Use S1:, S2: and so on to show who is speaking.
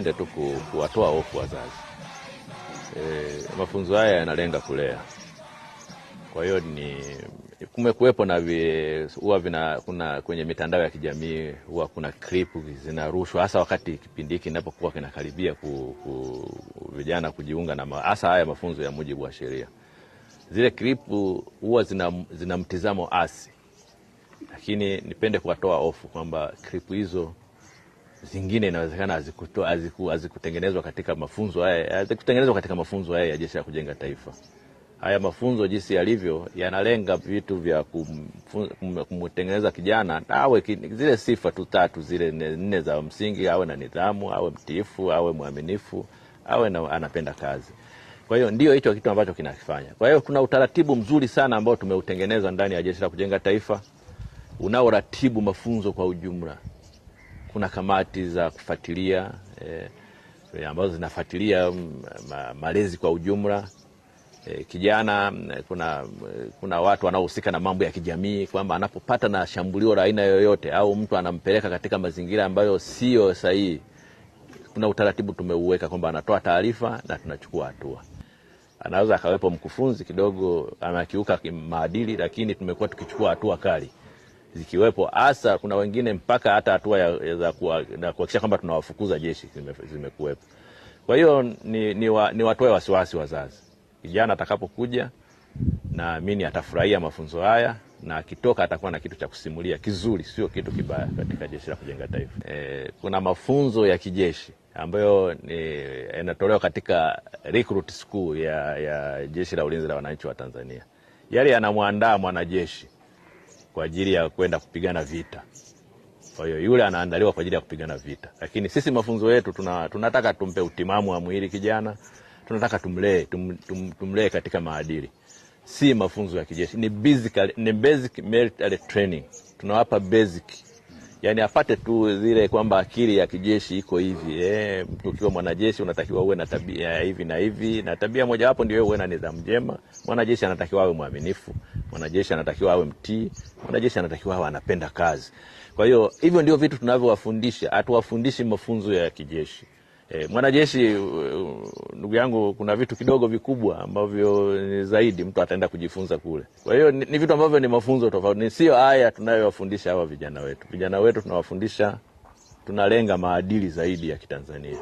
S1: nipende tu kuwatoa hofu wazazi. E, mafunzo haya yanalenga kulea. Kwa hiyo ni kumekuwepo na huwa vina kuna kwenye mitandao ya kijamii huwa kuna klipu zinarushwa, hasa wakati kipindi hiki kinapokuwa kinakaribia ku, ku, vijana kujiunga na hasa haya mafunzo ya mujibu wa sheria. Zile klipu huwa zina, zina mtizamo asi, lakini nipende kuwatoa hofu kwamba klipu hizo zingine inawezekana hazikutengenezwa katika mafunzo haya hazikutengenezwa katika mafunzo haya ya Jeshi la Kujenga Taifa. Haya mafunzo jinsi yalivyo yanalenga vitu vya kumtengeneza kijana awe zile sifa tu tatu zile nne za msingi, awe na nidhamu, awe mtiifu, awe mwaminifu, awe na, anapenda kazi. Kwa hiyo ndio hicho kitu ambacho kinakifanya. Kwa hiyo kuna utaratibu mzuri sana ambao tumeutengeneza ndani ya Jeshi la Kujenga Taifa unaoratibu mafunzo kwa ujumla kuna kamati za kufuatilia e, ambazo zinafuatilia mm, malezi kwa ujumla e, kijana. Kuna, kuna watu wanaohusika na mambo ya kijamii kwamba anapopata na shambulio la aina yoyote au mtu anampeleka katika mazingira ambayo sio sahihi, kuna utaratibu tumeuweka kwamba anatoa taarifa na tunachukua hatua. Anaweza akawepo mkufunzi kidogo amekiuka maadili, lakini tumekuwa tukichukua hatua kali zikiwepo hasa, kuna wengine mpaka hata hatua za kuhakikisha kwamba tunawafukuza jeshi zimekuwepo. Kwa hiyo ni, ni, wa, ni watoe wasiwasi wazazi, kijana atakapokuja naamini atafurahia mafunzo haya na akitoka atakuwa na kitu cha kusimulia kizuri, sio kitu kibaya katika jeshi la kujenga taifa. E, kuna mafunzo ya kijeshi ambayo yanatolewa katika recruit school ya, ya jeshi la ulinzi la wananchi wa Tanzania. Yale yanamwandaa mwanajeshi kwa ajili ya kwenda kupigana vita. Kwa hiyo yule anaandaliwa kwa ajili ya kupigana vita, lakini sisi mafunzo yetu tuna, tunataka tumpe utimamu wa mwili kijana, tunataka tumlee tum, tum, tumlee katika maadili. Si mafunzo ya kijeshi, ni basic, ni basic military training. Tunawapa basic, yani apate tu zile kwamba akili ya kijeshi iko hivi eh, ukiwa mwanajeshi unatakiwa uwe na tabia hivi na hivi, na tabia mojawapo ndio uwe na nidhamu njema. Mwanajeshi anatakiwa awe mwaminifu, mwanajeshi anatakiwa awe mtii, mwanajeshi anatakiwa awe anapenda kazi. Kwa hiyo hivyo ndio vitu tunavyowafundisha, hatuwafundishi mafunzo ya kijeshi. E, mwanajeshi e, ndugu yangu, kuna vitu kidogo vikubwa ambavyo ni zaidi mtu ataenda kujifunza kule. Kwa hiyo ni, ni vitu ambavyo ni mafunzo tofauti, sio haya tunayowafundisha hawa vijana wetu. Vijana wetu tunawafundisha, tunalenga maadili zaidi ya Kitanzania.